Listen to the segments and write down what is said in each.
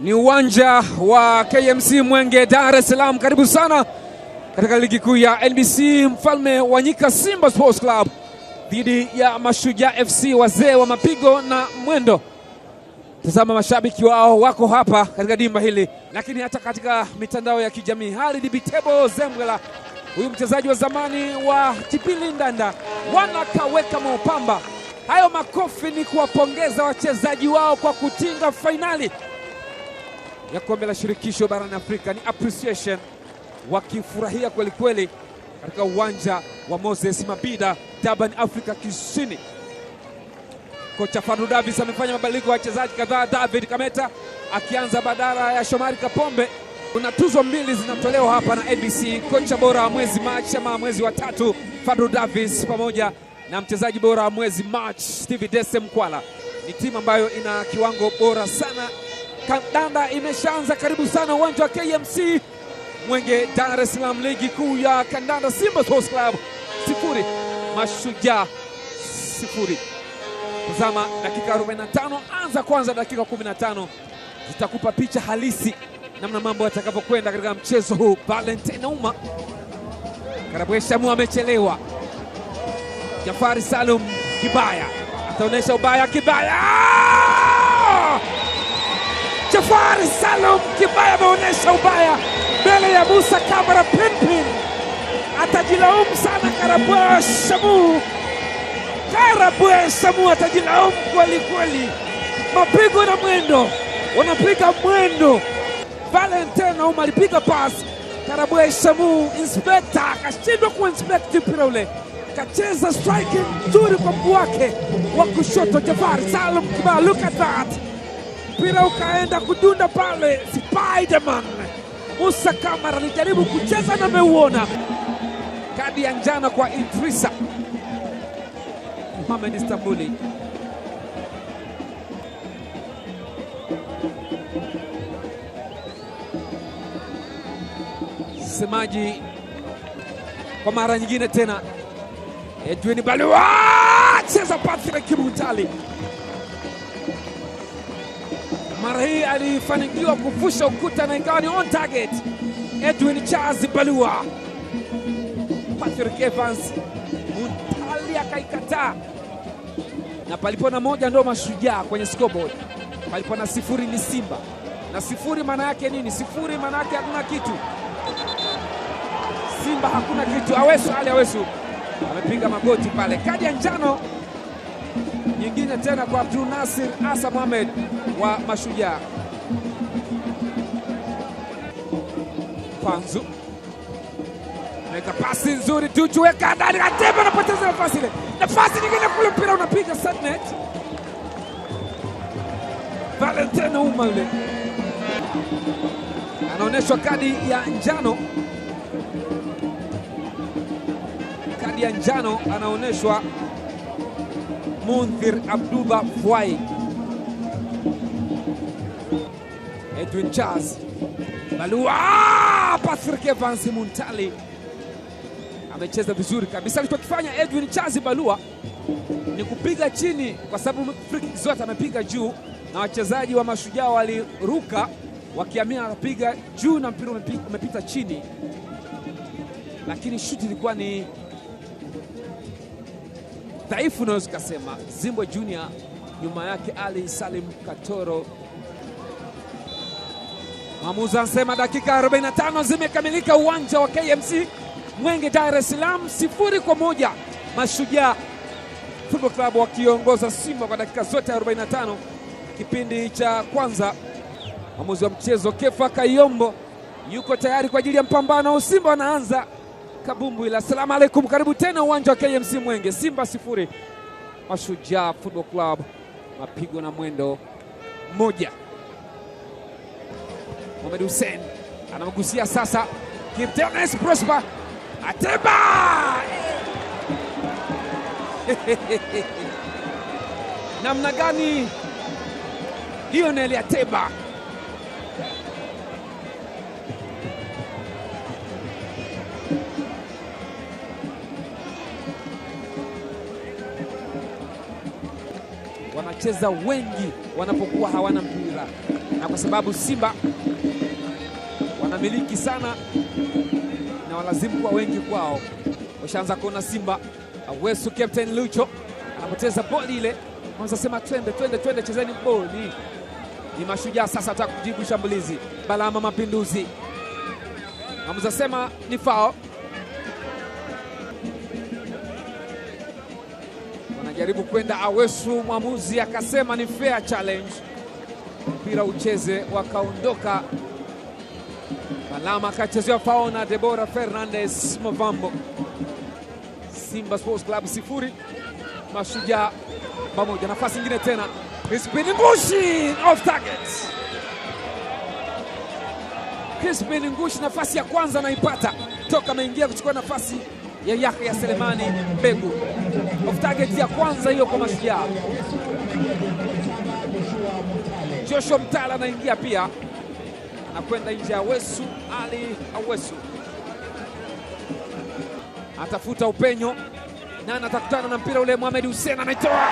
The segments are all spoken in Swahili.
ni uwanja wa KMC Mwenge, Dar es Salaam. Karibu sana katika ligi kuu ya NBC, mfalme wa nyika Simba Sports Club dhidi ya Mashujaa FC, wazee wa mapigo na mwendo. Tazama mashabiki wao wako hapa katika dimba hili, lakini hata katika mitandao ya kijamii. Halid Bitebo Zembwela, huyu mchezaji wa zamani wa TP Ndanda, wanakaweka maupamba hayo. Makofi ni kuwapongeza wachezaji wao kwa kutinga fainali ya kombe la shirikisho barani Afrika ni appreciation, wakifurahia kweli kweli katika uwanja wa Moses mabida Durban, Afrika Kusini. Kocha Fadlu Davis amefanya mabadiliko ya wachezaji kadhaa, David Kameta akianza badala ya Shomari Kapombe. Kuna tuzo mbili zinatolewa hapa na ABC, kocha bora wa mwezi Machi ama mwezi wa tatu Fadlu Davis pamoja na mchezaji bora wa mwezi Machi Steve Dese Mkwala. Ni timu ambayo ina kiwango bora sana Kandanda imeshaanza karibu sana uwanja wa KMC Mwenge, Dar es Salaam. Ligi kuu ya kandanda, Simba Sports Club sifuri Mashujaa sifuri. Tazama dakika 45, anza kwanza dakika 15 zitakupa picha halisi namna mambo yatakavyokwenda katika mchezo huu. Valentine Uma Karabweshamu amechelewa. Jafari Salum Kibaya ataonyesha ubaya. Kibaya Jafari Salom Kibaya ameonyesha ubaya mbele ya Musa Kamara Pinpin, atajilaumu sana Karabwe Shamu. Karabwe Shamu atajilaumu kweli kweli. Mapigo na mwendo, wanapiga mwendo. Valentin Nauma alipiga pasi Karabwe Shamu, inspekta akashindwa kuinspekti mpira ule, kacheza striking nzuri kwa mguu wake wa kushoto. Jafari Salom Kibaya, look at that mpira ukaenda kudunda pale. Spiderman Musa Kamara alijaribu kucheza na ameuona. Kadi ya njano kwa Idrisa Mohamed Istanbuli. Msemaji kwa mara nyingine tena, Edwin Balua cheza Patrick Mutali mara hii alifanikiwa kuvusha ukuta na ikawa ni on target. Edwin Charles Balua, Patrick Evans Muntali akaikataa, na palipo na moja ndo mashujaa kwenye scoreboard, palipo na sifuri ni Simba na sifuri maana yake nini? Sifuri maana yake hakuna kitu. Simba hakuna kitu. Awesu Ali Awesu amepiga magoti pale, kadi ya njano nyingine tena kwa Abdul Nasir Asa Mohamed wa Mashujaa. Panzu weka pasi nzuri, Tuchu weka ndani, Kateba anapoteza nafasi ile, nafasi nyingine kule, mpira unapiga sadnet Valentino Uma yule anaonyeshwa kadi ya njano, kadi ya njano anaonyeshwa Munthir Abduba Fwai, Edwin Charles Balua, ah, Patrick Evans Muntali amecheza vizuri kabisa. Alichokifanya Edwin Charles Balua ni kupiga chini, kwa sababu free zote amepiga juu, na wachezaji wa Mashujaa waliruka wakiamia anapiga juu na mpira umepita chini, lakini shuti ilikuwa ni dhaifu unaweza ukasema. Zimbo Junior nyuma yake Ali Salim Katoro. Mwamuzi anasema dakika 45 zimekamilika uwanja wa KMC Mwenge, Dar es Salaam, sifuri kwa moja. Mashujaa Football Club wakiongoza Simba kwa dakika zote 45 kipindi cha kwanza. Mwamuzi wa mchezo Kefa Kayombo yuko tayari kwa ajili ya mpambano. Simba wanaanza Kabumbwila. Assalamu alaikum, karibu tena uwanja wa KMC Mwenge. Simba sifuri Mashujaa Football Club, mapigo na mwendo moja. Mohamed Hussein anamgusia sasa Kiptenes Prosper Ateba namna gani Lionel Ateba wanacheza wengi wanapokuwa hawana mpira, na kwa sababu Simba wanamiliki sana na walazimu kuwa wengi kwao. Washaanza kuona Simba Awesu, Captain Lucho anapoteza boli ile, sema twende twende twende, chezeni boli. Ni mashujaa sasa wataka kujibu shambulizi. Balama Mapinduzi sema ni fao anajaribu kwenda Awesu, mwamuzi akasema ni fair challenge, mpira ucheze, wakaondoka. Alama akachezewa pao na Debora Fernandez Movambo. Simba Sports Club sifuri, Mashujaa pamoja. Nafasi nyingine tena Crispin Ngushi off target. Crispin Ngushi nafasi ya kwanza anaipata toka ameingia kuchukua nafasi ya Yahya Selemani Mbegu, off target ya kwanza hiyo kwa Mashujaa. Joshua Mtala anaingia pia anakwenda nje ya Wesu Ali Awesu, atafuta upenyo nana, atakutana na mpira ule. Mohamed Hussein anaitoa,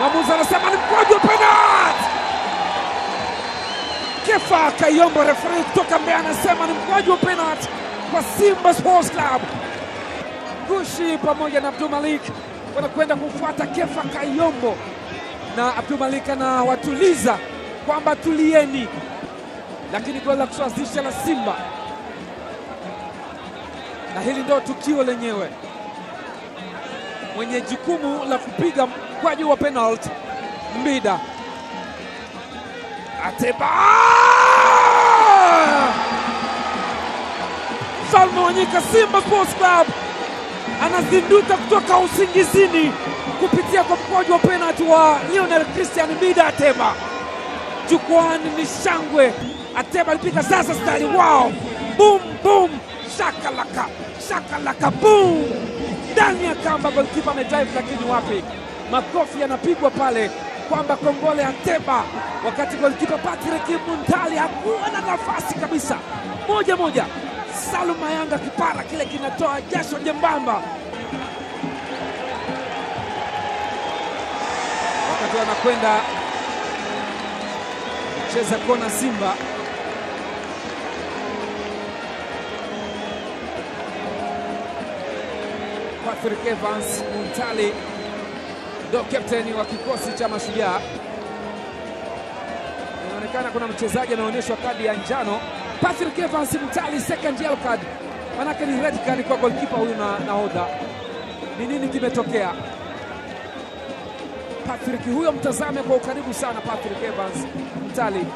mwamuzi anasema ni mkwaju wa penalti. Kefa Kayombo referee kutoka Mbeya anasema ni mkwaju wa penalti kwa Simba Sports Club gushi pamoja na Abdul Malik wanakwenda kufuata Kefa Kayombo, na Abdul Malik anawatuliza kwamba tulieni, lakini goli la kusawazisha la Simba, na hili ndio tukio lenyewe. Mwenye jukumu la kupiga juu wa penalti Mbida Ateba, mfalme wa nyika Simba Sports Club anazinduka kutoka usingizini kupitia kwa mkwaju wa penalti wa Lionel Christian Mida Ateba. Jukwani ni shangwe, Ateba alipiga sasa stari wao, bum bum, shakalaka shakalaka, bum ndani ya kamba, golikipa amedrive, lakini wapi, makofi yanapigwa pale kwamba kongole Ateba, wakati golikipa Patrick Muntali hakuwa na nafasi kabisa. Moja moja Salum Mayanga, kipara kile kinatoa jasho jembamba wakati anakwenda kucheza kona Simba. Patrick Evans Muntali ndo kapteni wa kikosi cha Mashujaa. Inaonekana kuna mchezaji anaonyeshwa kadi ya njano. Patrick Evans mtali second yellow card, manake ni red card kwa goalkeeper huyu na nahodha. Ni nini kimetokea? Patrick huyo, mtazame kwa ukaribu sana. Patrick Evans mtali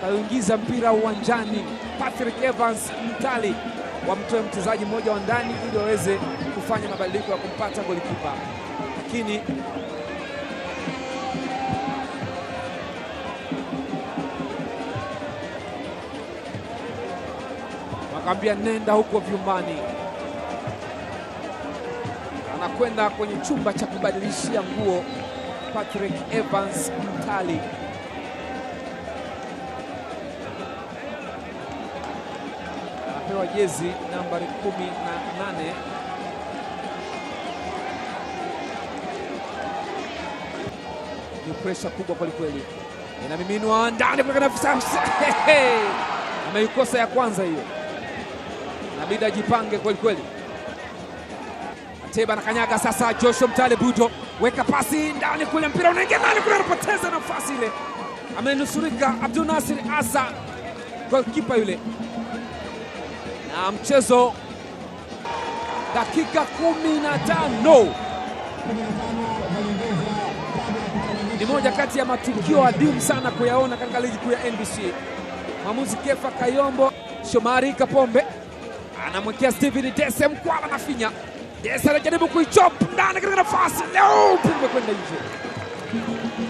kauingiza mpira uwanjani. Patrick Evans mtali wamtoe mchezaji mmoja wa ndani ili waweze kufanya mabadiliko ya kumpata golikipa, lakini akamwambia nenda huko vyumbani, anakwenda kwenye chumba cha kubadilishia nguo. Patrick Evans Mtali anapewa jezi nambari kumi na nane. Ni presha kubwa kwelikweli, inamiminwa ndani kuekana, ameikosa ya kwanza hiyo. Abid ajipange kweli kweli. Ateba anakanyaga sasa, Joshua Mtale Buto weka pasi ndani kule, mpira unaingia ndani kule, anapoteza nafasi ile, amenusurika Abdul Nasir Asa golkipa yule, na mchezo dakika kumi na tano ni moja kati ya matukio adimu sana kuyaona katika ligi kuu ya NBC. Mwamuzi Kefa Kayombo, Shomari Kapombe anamwekea Steven Dese mkwala na finya. Dese anajaribu kuichop ndani katika nafasi leo, pinga kwenda nje.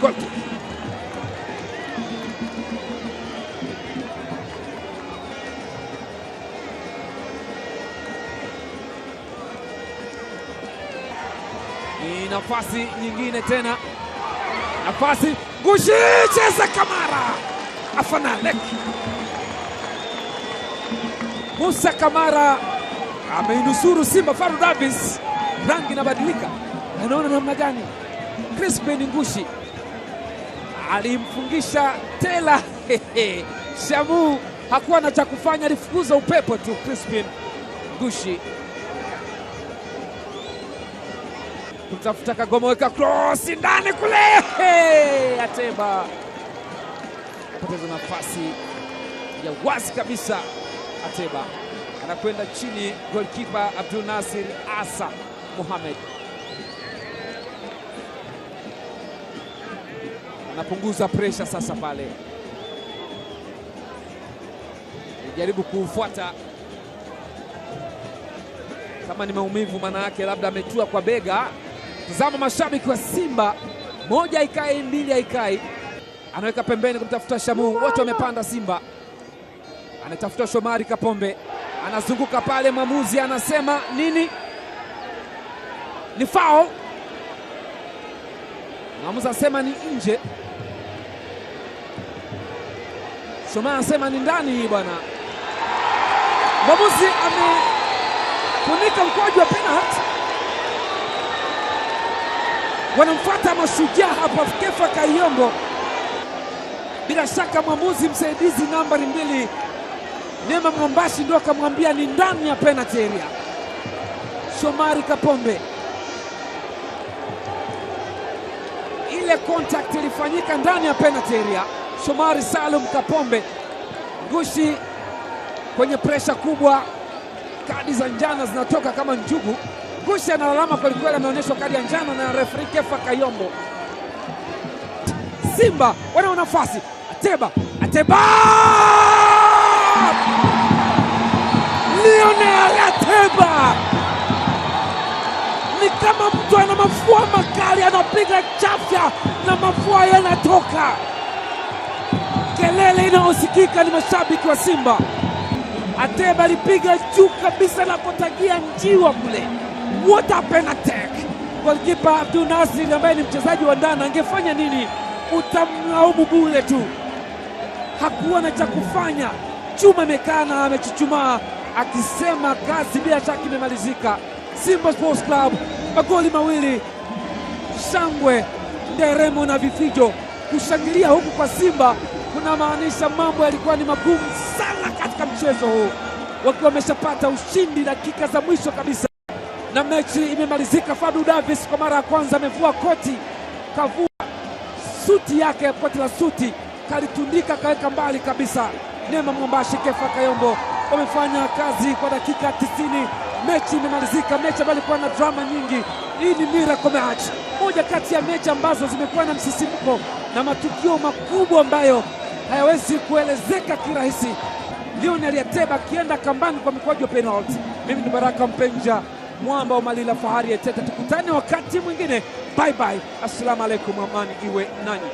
Goalkeeper ni nafasi nyingine tena, nafasi ngushi, cheza Kamara afanalek Musa Kamara ameinusuru Simba. Faru Davis, rangi inabadilika, anaona namna gani? Crispin Ngushi alimfungisha tela Shamu hakuwa na cha kufanya, alifukuza upepo tu. Crispin Ngushi kutafuta Kagoma, weka cross ndani kule, Ateba poteza nafasi ya wazi kabisa. Ateba anakwenda chini, goalkeeper Abdul Nasir Asa Mohamed anapunguza presha sasa pale, anajaribu kuufuata kama ni maumivu, maana yake labda ametua kwa bega. Tazama mashabiki wa Simba, moja ikai mbili haikai, anaweka pembeni kumtafuta Shamu, wote wamepanda Simba anatafuta Shomari Kapombe, anazunguka pale, mwamuzi anasema nini? Ni fao Mwamuzi anasema ni nje, Shomari anasema ni ndani. Hii bwana, mwamuzi amefunika mkwaju wa penalti. Wanamfuata mashujaa hapa, Kefa Kaiyombo, bila shaka mwamuzi msaidizi nambari mbili nema Mgombasi ndio akamwambia ni ndani ya penalty area. Shomari Kapombe, ile contact ilifanyika ndani ya penalty area. Shomari Salum Kapombe gushi kwenye presha kubwa, kadi za njano zinatoka kama njugu. Gushi analalama kwelikweli, ameonyeshwa kadi ya njano na refri Kefa Kayombo. Simba wana nafasi, Ateba Ateba up. Lionel Ateba ni kama mtu ana mafua makali, anapiga chafya na mafua yanatoka. Kelele inayosikika ni mashabiki wa Simba. Ateba alipiga juu kabisa na kutangia njiwa kule, what a penalty! Golikipa Abdul Nasir ambaye ni mchezaji wa ndani angefanya nini? Utamlaumu bure tu, hakuwa na cha kufanya chuma imekaa na amechuchumaa akisema kazi bila shaka imemalizika. Simba Sports Club magoli mawili, shangwe, nderemo na vifijo. Kushangilia huku kwa Simba kunamaanisha mambo yalikuwa ni magumu sana katika mchezo huu, wakiwa wameshapata ushindi dakika za mwisho kabisa na mechi imemalizika. Fadu Davis kwa mara ya kwanza amevua koti, kavua suti yake, koti la suti kalitundika, kaweka mbali kabisa. Neema Mwambashi, Kefa Kayombo wamefanya kazi kwa dakika 90, mechi imemalizika, mechi ambayo ilikuwa na drama nyingi. Hii ni miracle match, moja kati ya mechi ambazo zimekuwa na msisimko na matukio makubwa ambayo hayawezi kuelezeka kirahisi. Lionel Yateba akienda kambani kwa mikwaju ya penalti. Mimi ni Baraka Mpenja, mwamba wa Malila, fahari ya Teta. Tukutane wakati mwingine, bye bye, assalamu alaikum, amani iwe nanyi.